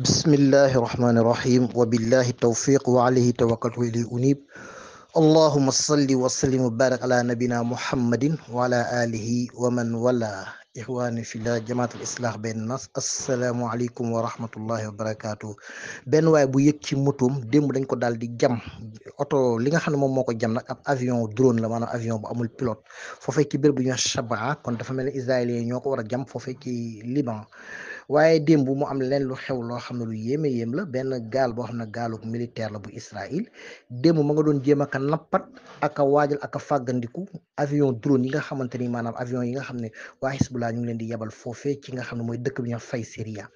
bismillahi irrahmani irrahim wabillahi tawfiq wa alayhi tawakkaltu ilay unib allahuma salli wa sallim wa barak ala nabina muhammadin wa ala alihi wa man wala ixwaani fillah jamaat al islah benn nas assalaamu aleykum wa rahmatullahi wa barakatuh benn waay bu yëg ci motoom démb dañ ko daal di jam oto li nga xam ne moom moo ko jam nag ab avion drone la maanaam avion bu amul pilote foofee ci béréb bu ñu Shabaa kon dafa mel ne israéliens ñoo ko war a jam foofee ci Liban waaye démb mu am leen lu xew loo xam ne lu yéeme yéem la benn gaal boo xam ne gaalug militaire la bu Israël démb ma nga doon jéem a ka nappat ak a waajal ak faggandiku fàggandiku avion drone yi nga xamante ni maanaam avion yi nga xam ne waa Hezbollah ñu ngi leen di yebal foofee ci nga xam ne mooy dëkk bi ñu fay Syria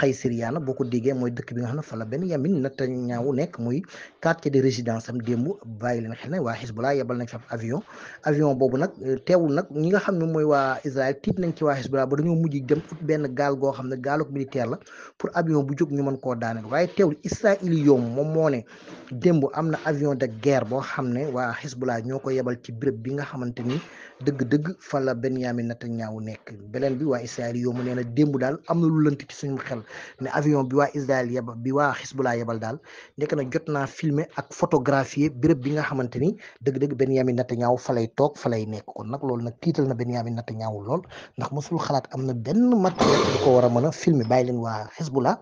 xay Syria na boo ko bi nga xam ne fa la benn yamin Netanyahu nekk muy quartier de résidence am démb bàyyi leen xel ne waa Hezbollah yebal nañ fa avion avion boobu nag teewul nag ñi nga xam ne mooy waa Israël tiit nañ ci waa Hezbollah ba dañoo mujj dem ut benn gaal goo xam ne gaalug militaire la pour avion bu jóg ñu mën koo daaneel waaye teewul Israël yoom moom moo ne am na avion de guerre boo xam ne waa Hezbollah ñoo ko yebal ci béréb bi nga xamante ni dëgg-dëgg fala Benyamin Netanyahu nekk beneen bi waa Israël yow mu nee démb daal am na lu lënt ci xel ne avion bi waa Israël yebal bi waa Hezbollah yebal daal nekk na jot naa filmer ak photographier béréb bi nga xamante ni dëgg-dëgg Benyamin Netanyahu fa lay toog fa lay nekk kon nag loolu nag kiital na Benyamin ñaawu lool ndax mosul xalaat am na benn matériel bu ko war a mën a filmer bàyyi leen waa Hezbollah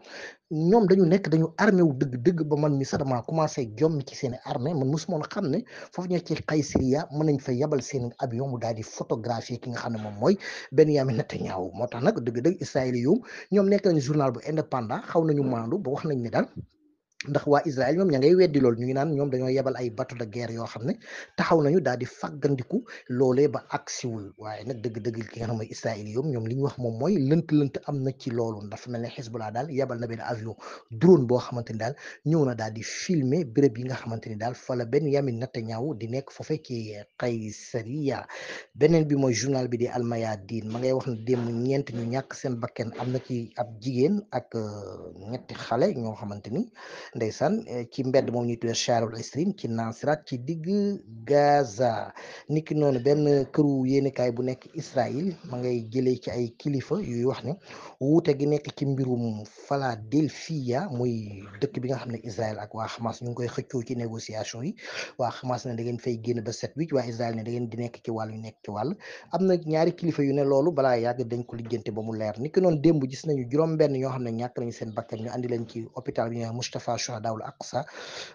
ñoom dañu nekk dañu armé wu dëgg dëgg ba man mi sax damaa commencé jommi ci seeni armée man mosuma woon xam ne foofu ñu ci xay Syria mën nañ fa yabal seen avion mu daal di photographier ki nga xam ne moom mooy Benyamin Netanyahu moo tax nag dëgg dëgg Israël yi ñoom nekk nañu journal bu indépendant xaw nañu hmm. maandu ba wax nañ ne daal ndax waa Israël ñoom ña ngay weddi loolu ñu ngi naan ñoom dañoo yebal ay bateau de guerre yoo xam ne taxaw nañu daal di fàggandiku loolee ba agsiwul waaye nag dëgg-dëgg ki xam mooy Israël yi li ñu wax moom mooy lënt-lënt am na ci loolu ndax mel ne Hezbollah daal yebal na benn avion drone boo xamante ni daal ñëw na daal di filmer béréb yi nga xamante ni daal fala benn Benyamin ñaaw di nekk foofe ci Qaysariya beneen bi mooy journal bi di Al Mayadeen ma ngay wax na démb ñeent ñu ñàkk seen bakken am na ci ab jigéen ak euh, ñetti xale ñoo xamante ni ndeysaan eh, ci mbedd moom ñuy tuddee Charul Isrim ci Nansrat ci digg Gaza niki noonu benn këru yéenekaay bu nekk Israël ma ngay jële ci ay kilifa yuy wax ne wuute gi nekk ci mbirum Philadelphia muy dëkk bi nga xam ne Israël ak waa Hamas ñu ngi koy xëccoo ci négociation yi waa Hamas ne da ngeen fay génn ba set wicc waa Israël ne da ngeen di nekk ci wàll yu nekk ci wàll am na ñaari kilifa yu ne loolu balaa yàgg dañ ko lijjante ba mu leer niki noonu démb gis nañu juróom benn ñoo xam ne ñàkk nañu seen bakkan ñu andi leen ci hôpital bi Shuhada al Aqsa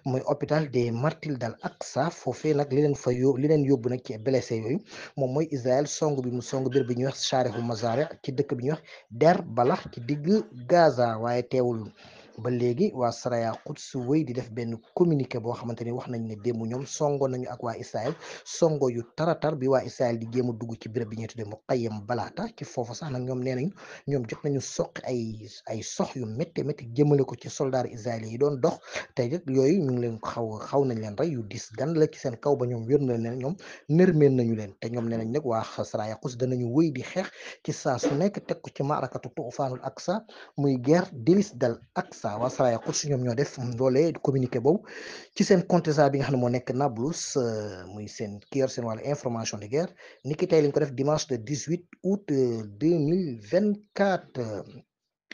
muy hôpital des martyrs dal Aqsa foofee nag li leen fa yób li leen yóbbu nag ci blessé yooyu moom mooy Israël song bi mu song bir bi ñuy wax Sharif al Mazari ci dëkk bi ñuy wax Der Balax ci digg Gaza waaye teewul. ba léegi waa Saraya Quds wéy di def benn communiqué boo xamante ni wax nañ ne démb ñoom songo nañu ak waa Israël songo yu taratar bi waa Israël di jéem a dugg ci béréb bi ñuy tuddee mu xayyam balaata ci foofu sax nag ñoom nee nañ ñoom jot nañu soqi ay ay sox yu métti métti jëmale ko ci soldats israéliens yi doon dox te rek yooyu ñu ngi leen xaw xaw nañ leen rek yu dis gan la ci seen kaw ba ñoom wér na leen ñoom meen nañu leen te ñoom nee nañ nag waa Saraya Quds danañu wéy di xeex ci saa su nekk teg ko ci maarakatu tuufaanul aksa muy guerre délice dal aksa Sawa Saraya Course ñoom ñoo def loolee communiqué boobu ci seen contesa bi nga xam ne moo nekk Nablus euh, muy seen ki yor seen wàllu information de guerre niki tey lañ ko def dimanche le 18 août 2024 euh,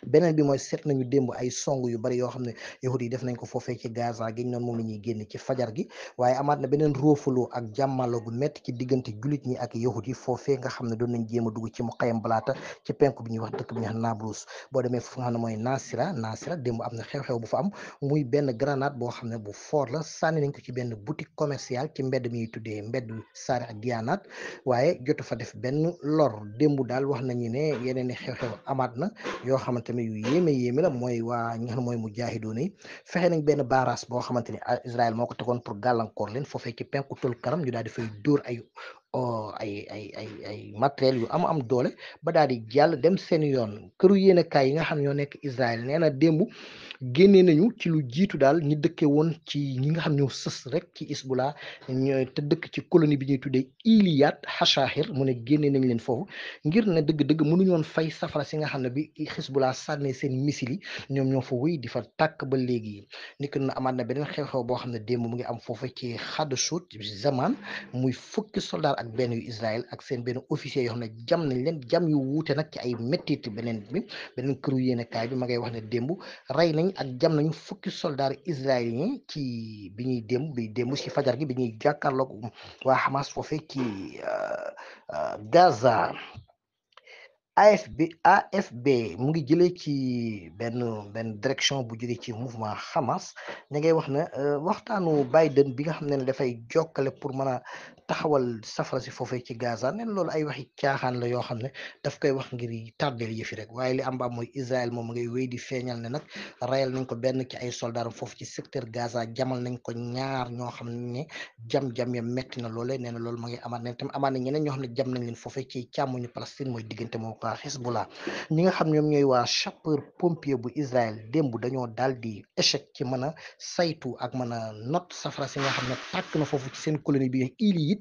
beneen bi mooy seet nañu démb ay song yu bari yoo xam ne yahudi yi def nañ ko foofee ci Gaza giñ noonu moom la ñuy génn ci fajar gi waaye amaat na beneen róofaloo ak jàmmaloo gu métti ci diggante jullit ñi ak yahudi yi foofee nga xam ne doon nañ jéem dugg ci mu xayam balaata ci penku ñuy wax dëkk bi ñuy wax boo demee foofu nga ne mooy Nasira Nasira démb am na xew bu fa am muy benn grenade boo xam ne bu fort la sànni nañ ko ci benn boutique commerciale ci mbedd mi ñuy tuddee mbedd Saare ak Diyaanaat waaye jotu fa def benn loor démb daal wax nañu ne yeneen i xew-xew amaat na yoo xamante tamit yu yéeme yéeme la mooy waa a nga xam ne mooy mujaahidoon yi fexe nañ benn baaraas boo xamante ni ah, Israël moo ko tegoon pour gàllankoor leen foofee ci penku tol kanam ñu daal di fay dóor ay oh, ay ay ay ay matériel yu am am doole ba daal di jàll dem seen yoon këru yéene kaay yi nga xam ñoo nekk Israël nee na démb génnee nañu ci lu jiitu daal ñi dëkke woon ci ñi nga xam ñoo sës rek ci isbula te dëkk ci colonie bi ñuy tuddee Iliyat xasaaxir mu ne génnee nañ leen foofu ngir ne dëgg-dëgg mënuñoon fay safara si nga xam ne bi xisbula sànnee seen misili ñoom ñoo fa di fa tàkk ba léegi ni ko na amaat na beneen xew boo xam ne démb mu ngi am foofu ci Xadasut zaman muy fukki soldat ak benn yu Israël ak seen benn officier yoo xam jam nañ leen jam yu wuute nag ci ay mettit beneen bi beneen këru yéene kaay bi ma wax ne démb rey nañ ak jam nañu fukki soldats israéliens ci bi ñuy démb bi démb ci fajar gi bi ñuy jàkkaarloog waa Hamas foofee ci euh, euh, Gaza AFB AFB mu ngi jëlee ci benn benn direction bu jóge ci mouvement Hamas ña ngay wax ne euh, waxtaanu Biden bi nga xam ne ne dafay jokkale pour mën a taxawal safara si foofee ci Gaza ne loolu ay waxi caaxaan la yoo xam ne daf koy wax ngir tardeel yëfi rek waaye li am ba mooy Israël moom ngay wéy di feeñal ne nag rayal nañ ko benn ci ay soldats foofu ci secteur Gaza jamal nañ ko ñaar ñoo xam ne jam-jam ya metti na loolee nee na loolu ma ngi amaat ne tamit na ñeneen ñoo ne jam nañ leen foofee ci càmmuñu Palestine mooy diggante moo ko Hezbollah ñi nga xam ñoom ñooy waa sapeur pompier bu Israël démb ñoo daal di échec ci mën a saytu ak mën a not safara si nga xam ne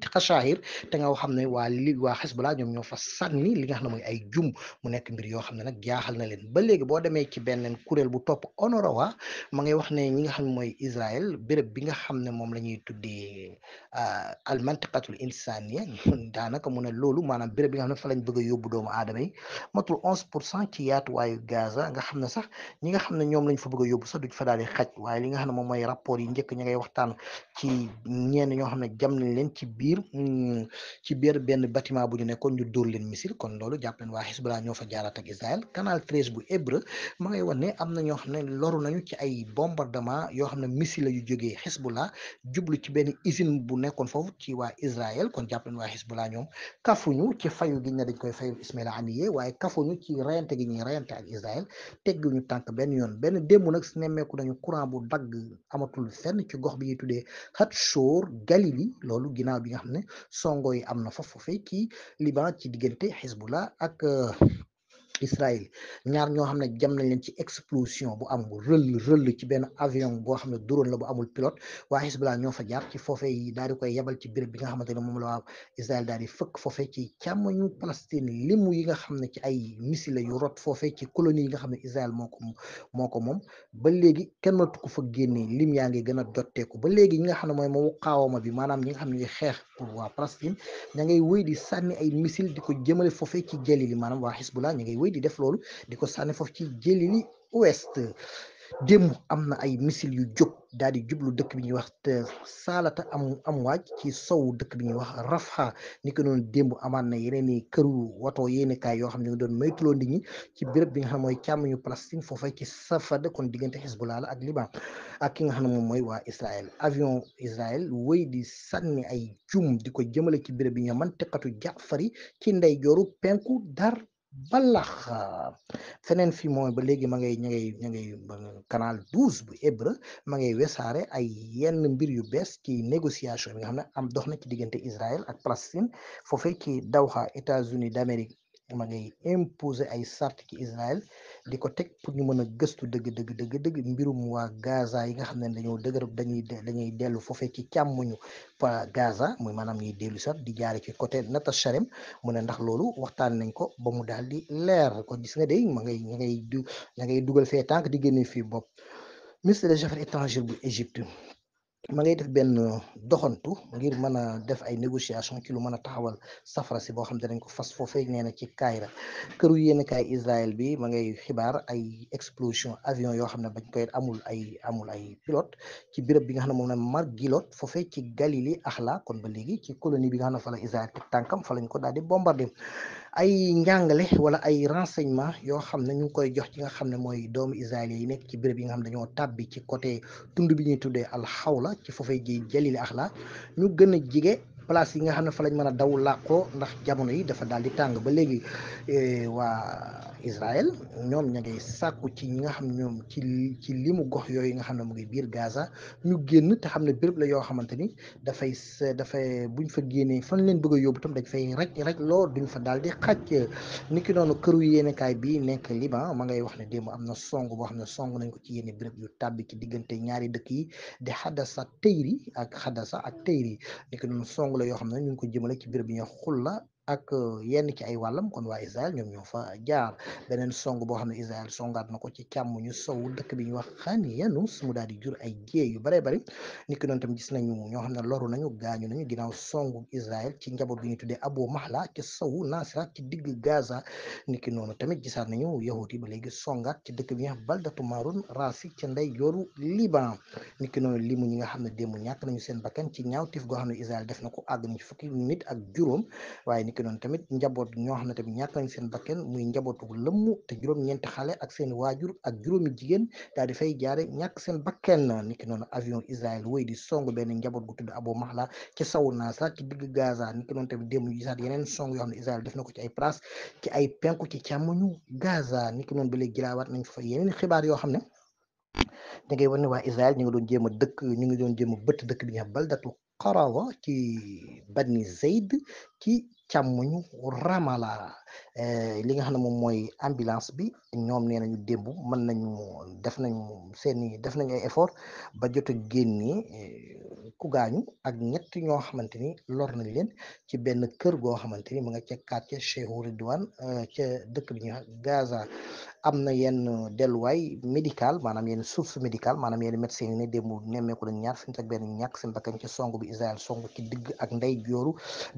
tàkk ci xasaayir te nga xam ne waa li waa xesbalaa ñoom ñoo fa sànni li nga xam ne mooy ay jum mu nekk mbir yoo xam ne nag jaaxal na leen ba léegi boo demee ci beneen kuréel bu topp Onorawa ma ngay wax ne ñi nga xam ne mooy Israël béréb bi nga xam ne moom la ñuy tuddee al mantiqatul insania daanaka mun a loolu maanaam béréb bi nga xam ne fa lañ bëgg a yóbbu doomu aadama yi matul onze pour cent ci yaatuwaayu Gaza nga xam ne sax ñi nga xam ne ñoom lañ fa bëgg a yóbbu sax du fa daal di xaj waaye li nga xam ne moom mooy rapport yi njëkk ñi ngay waxtaan ci ñenn ñoo xam ne jam nañ leen ci biir biir mm, ci biir benn bâtiment bu ñu nekkoon ñu dóor leen misil kon loolu jàpp leen waa Hezbollah ñoo fa jaaraat ak Israël canal bu Hébreu ma ngay wan ne am na ñoo xam ne loru nañu ci ay bombardement yoo xam ne misil la yu jógee Hezbollah jublu ci benn usine bu nekkoon foofu ci waa Israël kon jàpp leen waa Hezbollah ñoom kafuñu ci fayu gi ne dañ koy fayu Ismaël Haniyeh waaye kafuñu ci rayante gi ñuy rayante ak Israël ñu tànk benn yoon benn démb nag nemmeeku nañu courant bu dagg amatul fenn ci gox bi ñuy tuddee Hatzor Galili bi nga xam ne songo yi am na fa foofee ci Liban ci diggante Hezbollah ak euh, Israël ñaar ñoo xam ne jam nañ leen ci explosion bu am rëll rëll ci benn avion boo xam ne drone la bu amul pilote waa Hezbollah ñoo fa jaar ci foofee yi koy yebal ci béréb bi nga ne moom la waa Israël daal di yi nga xam ne ci ay missile yu rot yi nga xam ne moom ba léegi kenn mënatu ko fa génnee lim yaa ngi gën a jotteeku ba léegi ñi nga xam ne mooy moomu xaawama bi maanaam ñi nga xam ne xeex pour waa Palestine ña ngay wéy di sànni ay missile di ko jëmale foofee ci Jalil maanaam waa Hezbollah ña ngay wéy di def loolu di ko sànni foofu ci jëlili ouest démb am na ay missile yu jóg daal di jublu dëkk bi ñuy wax saalata am am waaj ci sow dëkk bi ñuy wax Rafah ni ko noonu démb amaan na yeneen i këru wato yéeni kaay yoo xam ne doon moytuloo nit ñi ci béréb bi nga xam ne mooy càmmuñu Palestine foofee ci Safad kon diggante Hezbollah la ak Liban ak ki nga xam ne moom mooy waa Israël avion Israël wéy di sànni ay jum di ko jëmale ci béréb bi ñu mantiqatu Jaafari ci ndeyjooru penku balax feneen fi mooy ba léegi ma ngay ña ngay ña ngay canal 12 bu hébreu ma ngay wesaare ay yenn mbir yu bees ci négociation bi nga xam ne am dox na ci diggante Israël ak Palestine foofee ci Doha États-Unis d'Amérique ma ngay imposer ay sart ci Israël di ko teg pour ñu mën a gëstu dëgg dëgg dëgg dëgg mbirum waa Gaza yi nga xam ne dañoo dëgër dañuy dañuy dellu foofee ci ñu pa Gaza muy maanaam ñuy dellu sax di jaare ci côté Nata Charem mu ne ndax loolu waxtaan nañ ko ba mu daal di leer ko gis nga de ma ngay ña ngay du ña ngay dugal fee tànk di génne fii bopp ministre de affaires étrangères bu Égypte ma ngay def benn doxantu ngir mën a def ay négociation ci lu mën a taxawal safara si boo xam ne dañ ko fas foofee nee na ci Kaayra këru yéen kaay Israël bi ma ngay xibaar ay explosion avion yoo xam ne bañ koy amul ay amul ay pilote ci béréb bi nga xam ne moom la Margilot foofee ci Galilée Axla kon ba léegi ci colonie bi nga xam ne fa la Israël teg tànkam fa lañ ko daal di bombardé ay njàngale wala ay renseignement yoo xam ne ñu ngi koy jox ci nga xam ne mooy doomu israël yi nekk ci béréb yi nga xam ne dañoo tàbbi ci côté tund bi ñuy tuddee alxawla ci foofee ji jalil la ñu gën a jige place yi nga xam ne fa lañ mën a daw làqoo ndax jamono yi dafa daal di tàng ba léegi e, waa israel ñoom ña ngay sàkku ci ñi nga xam ñoom ci ci limu gox yooyu nga xam ne mu ngi biir Gaza ñu génn te xam ne béréb la yoo xamante ni dafay dafay buñ fa génnee fan leen bëgg a yóbbu tam dañ fa rek raj loo duñ fa daal di xaj ni ki noonu këru yéenekaay bi nekk Liban ma ngay wax ne démb am na song boo xam ne song nañ ko ci yénne béréb yu tàbbi ci diggante ñaari dëkk yi di Hadassa Teyri ak Hadassa ak Teyri ni ki dong la yoo xam ne ñu ngi ko jëmale ci béréb ak euh, yenn ci ay wàllam kon waa Israël ñoom ñoo fa jaar beneen song boo xam ne Israël songaat na ko ci càmm ñu sow dëkk bi ñu wax xan yanus mu daal di jur ay jée yu bare bari ni ki noonu gis nañu ñoo xam ne loru nañu gaañu nañu ginnaaw songu Israël ci njaboot bi ñu tuddee Abu Mahla ci sow Nasra ci digg Gaza ni ki noonu tamit gisaat nañu yahut yi ba léegi songaat ci dëkk bi ñu wax Baldatu Marun Rasi ci ndey jooru Liban ni ki noonu limu ñi nga xam ne démb ñàkk nañu seen bakkan ci ñaaw ñaawtif goo xam ne Israël def na ko àgg nañu fukki nit ak juróom waaye niki noon tamit njaboot ñoo xam ne tamit ñàkk nañ seen bakken muy njabootu lëmm te juróom-ñeenti xale ak seen waajur ak juróomi jigéen daal di fay jaare ñàkk seen bakken niki noonu avion Israël woy di song benn njaboot gu tudd Abu Mahla ci sawu Naasa ci digg Gaza niki noonu tamit démb saat gisaat yeneen song yoo xam ne Israël def na ko ci ay place ci ay penku ci càmmoñu Gaza niki noonu ba léegi jëlaawaat nañ fa yeneen xibaar yoo xam ne da ngay wane waa Israël ñu ngi doon jéem a dëkk ñu ngi doon jéem bëtt dëkk bi ñu Qaraba ci Bani Zayd ci càmmuñu Ramala eh, li nga xam ne moom mooy ambulance bi ñoom nee nañu démb mën nañu def nañu seeni def nañu ay effort ba jot a génnee eh, ku gaañu ak ñett ñoo xamante ni lor nañ leen ci benn kër goo xamante ni mu nga ca quartier Cheikh Ridwan eh, ca dëkk bi ñu Gaza am na yenn euh, delluwaay médical maanaam yenn source médicale maanaam yenn médecin yi ne démb nemmeeku dañ ñaar fukki ak benn ñàkk seen bakkan ci song bi Israël song ci digg ak nday jooru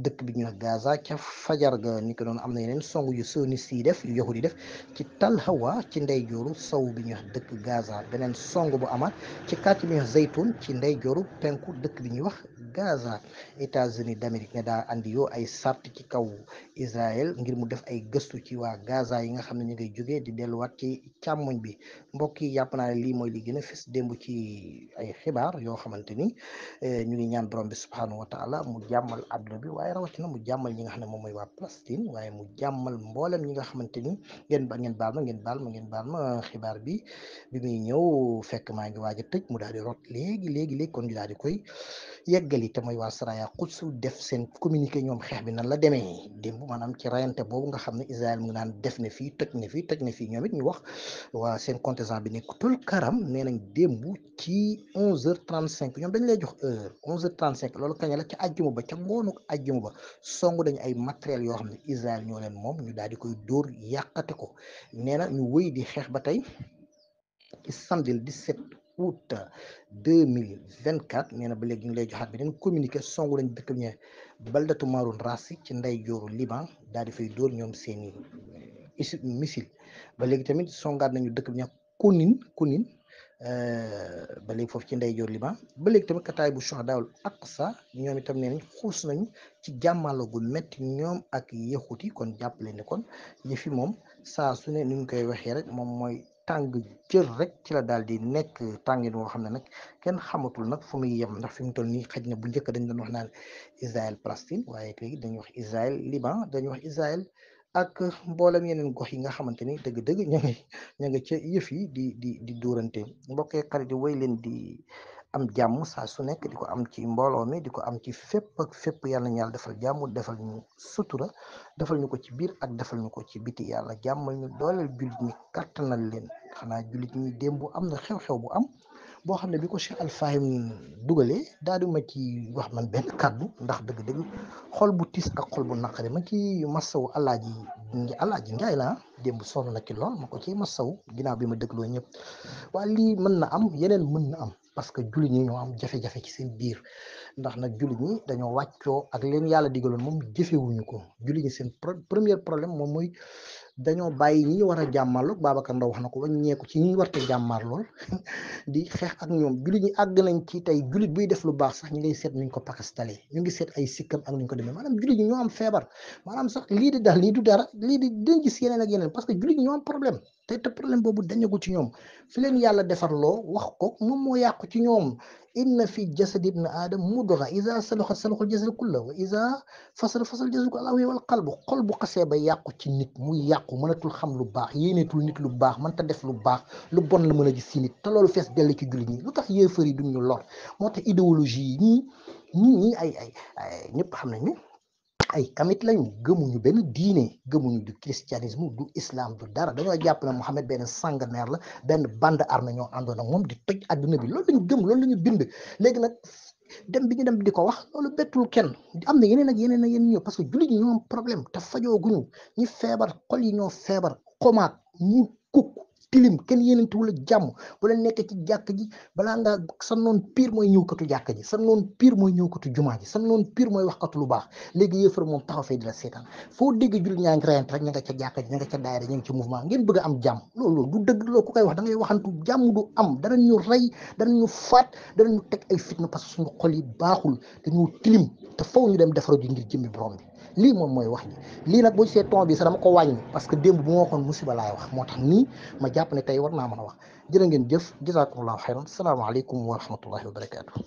dëkk bi ñu Gaza ca fajar ga ni ko noonu am na yeneen song yu sioniste yi def yu yahudi yi def ci Tal Hawa ci ndey jooru sow bi ñu wax dëkk Gaza beneen song bu amaat ci quartier bi ñu Zaytoun ci ndey jooru penku dëkk bi ñuy wax Gaza États-Unis d'Amérique ne daa andi yoo ay sart ci kaw Israël ngir mu def ay gëstu ci waa Gaza yi nga xam ne ñu ngay jógee di delluwaat ci càmmoñ bi mbokk yi yàpp naa ne lii mooy li gën démb ci ay xibaar yoo xamante ni eh, ñu ngi ñaan borom bi subhanahu wa taala mu jàmmal àdduna bi waaye rawatina mu jàmmal ñi nga xam ne moom mooy waa Palestine waaye mu jàmmal mboolem ñi nga xamante ni ngeen ba baal ma ngeen baal ma ngeen baal xibaar bi bi muy ñëw fekk maa ngi waaj a tëj mu daal di rot léegi léegi léegi kon ñu daal di koy yeggali te mooy waa Saraya Quds def seen communiqué ñoom xeex bi nan la demee démb maanaam ci rayante boobu nga xam ne Israël mu ngi naan def na fii toj na fii toj na fii ñoom it ñu wax waa seen contestant bi nekk tul karam nee nañ démb ci 11h35 ñoom dañ lay jox heure 11h35 loolu kañ la ca àjjuma ba ca ngoonu àjjuma ba song dañu ay matériel yoo xam ne Israël ñoo leen moom ñu daal di koy dóor yàqate ko nee na ñu wëy di xeex ba tey ci di 17 août deux mille vingt quatre nee ba léegi ñu ngi lay joxaat beneen communiqué songu lañ dëkk ñe baldatu Maroun Rassi ci nday jooru Liban daal di fay dóor ñoom seeni missile ba léegi tamit songaat nañu dëkk bi ña Kounine Kounine euh, ba léegi foofu ci ndeyjoor Liban ba léegi tamit kataay bu Shuhadaawul Aqsa ñoom itam nee nañ xuus nañu ci jàmmaloo gu métti ñoom ak yexuti kon jàppale ne kon yëfi moom saa su ne ni ñu koy waxee rek moom mooy tàng jër rek ci la daal di nekk tàngin woo xam ne nag kenn xamatul nag fu muy yem ndax fi mu toll nii xëj na bu njëkk dañ doon wax naan Israël Palestine waaye léegi dañuy wax Israël Liban dañuy wax Israël ak mboolem yeneen gox yi nga xamante ni dëgg-dëgg ña nga nga ca yëf yi di di di dóorante mbokkee xarit yi leen di am jàmm saa su nekk di ko am ci mbooloo mi di ko am ci fépp ak fépp yàlla ñu defal jàmm defal ñu sutura defal ñu ko ci biir ak defal ñu ko ci biti yàlla jàmmal ñu dooleel jullit ñi kàttanal leen xanaa jullit ñi démb bu am na xew-xew bu am boo xam ne bi ko Cheikh Alfahim dugalee daal di ma ci wax man benn kàddu ndax dëgg-dëgg xol bu tiis ak xool bu naqari ma ci masawu alaaji alaaji Njaay la démb sonn na ci lool ma ko ci masawu ginnaaw bi ma dëgloo ñëpp waa mën na am yeneen mën na am. parce que jullit ñi ñoo am jafe-jafe ci seen biir ndax nag jullit ñi dañoo wàccoo ak leen yàlla digaloon moom jëfewuñu ko jullit ñi seen premier problème moom mooy dañoo bàyyi ñi war a jàmmarloog Babacar Ndaw wax na ko wàññeeku ci ñi warte jàmmarlool di xeex ak ñoom jullit ñi àgg nañ ci tey jullit buy def lu baax sax ñu ngi seet nuñ ko pakastale ñu ngi seet ay sikkam ak nuñ ko demee maanaam jullit ñi ñoo am feebar maanaam sax lii di dal lii du dara lii di dañ gis yeneen ak yeneen parce que jullit ñi ñoo am problème te te problème boobu dañagul ci ñoom fi leen yàlla defarloo wax ko moom moo yàqu ci ñoom inna fi jasadi ibni aadam mudra isa salaxa salaxul jasadi kulla wa isa fasal fasal jasadi ko alaa wal qalbu xol bu xasee ba yàqu ci nit muy yàqu mënatul xam lu baax yéeneetul nit lu baax ta def lu baax lu bon la mën a gis si nit te loolu fees dell ci jullit ñi lu tax yéefar yi duñ ñu lor moo tax idéologie yi nii ñii ñii ay ay ñëpp xam nañ ne ay kamit lañu gëmuñu benn diine gëmuñu du christianisme du islam du dara dañoo jàpp ne Mohamed benn sanguinaire la benn bande armée ñoo àndoon ak moom di toj àdduna bi loolu lañu gëm loolu lañu bind léegi nag dem bi ñu dem di ko wax loolu bettul kenn am na yeneen ak yeneen ak yeneen ñëw parce que jullit ñi ñoo am problème te fajooguñu ñu feebar xol yi ñoo feebar xomaag ñu kukk tilim kenn yéenantuwul ak jàmm wala nekk ci jàkk ji balaa nga sa noon pire mooy ñëwkatu jàkk ji sa noon pire mooy ñëwkatu jumaa ji sa noon pire mooy waxkatu lu baax léegi yéefar moom taxaw fee di la seetaan foo dégg jul ñaa ngi reyante rek ña nga ca jàkk ji ña nga ca daayira ña nga ci mouvement ngeen bëgg a am jàmm loolu loolu du dëgg loolu ku koy wax da ngay waxantu jàmm du am danañu rey danañu faat danañu teg ay fitna parce que suñu xol yi baaxul dañoo tilim te faw ñu dem defaro ji ngir jëmmi borom bi lii moom mooy wax ji lii nag bu see ton bi sax dama ko wàññi parce que démb bu ma waxoon musiba laay wax moo tax nii ma jàpp ne tey war naa mën a wax jërë ngeen jëf jazakumullahu xayran salaamaaleykum wa rahmatullahi wa barakaatu.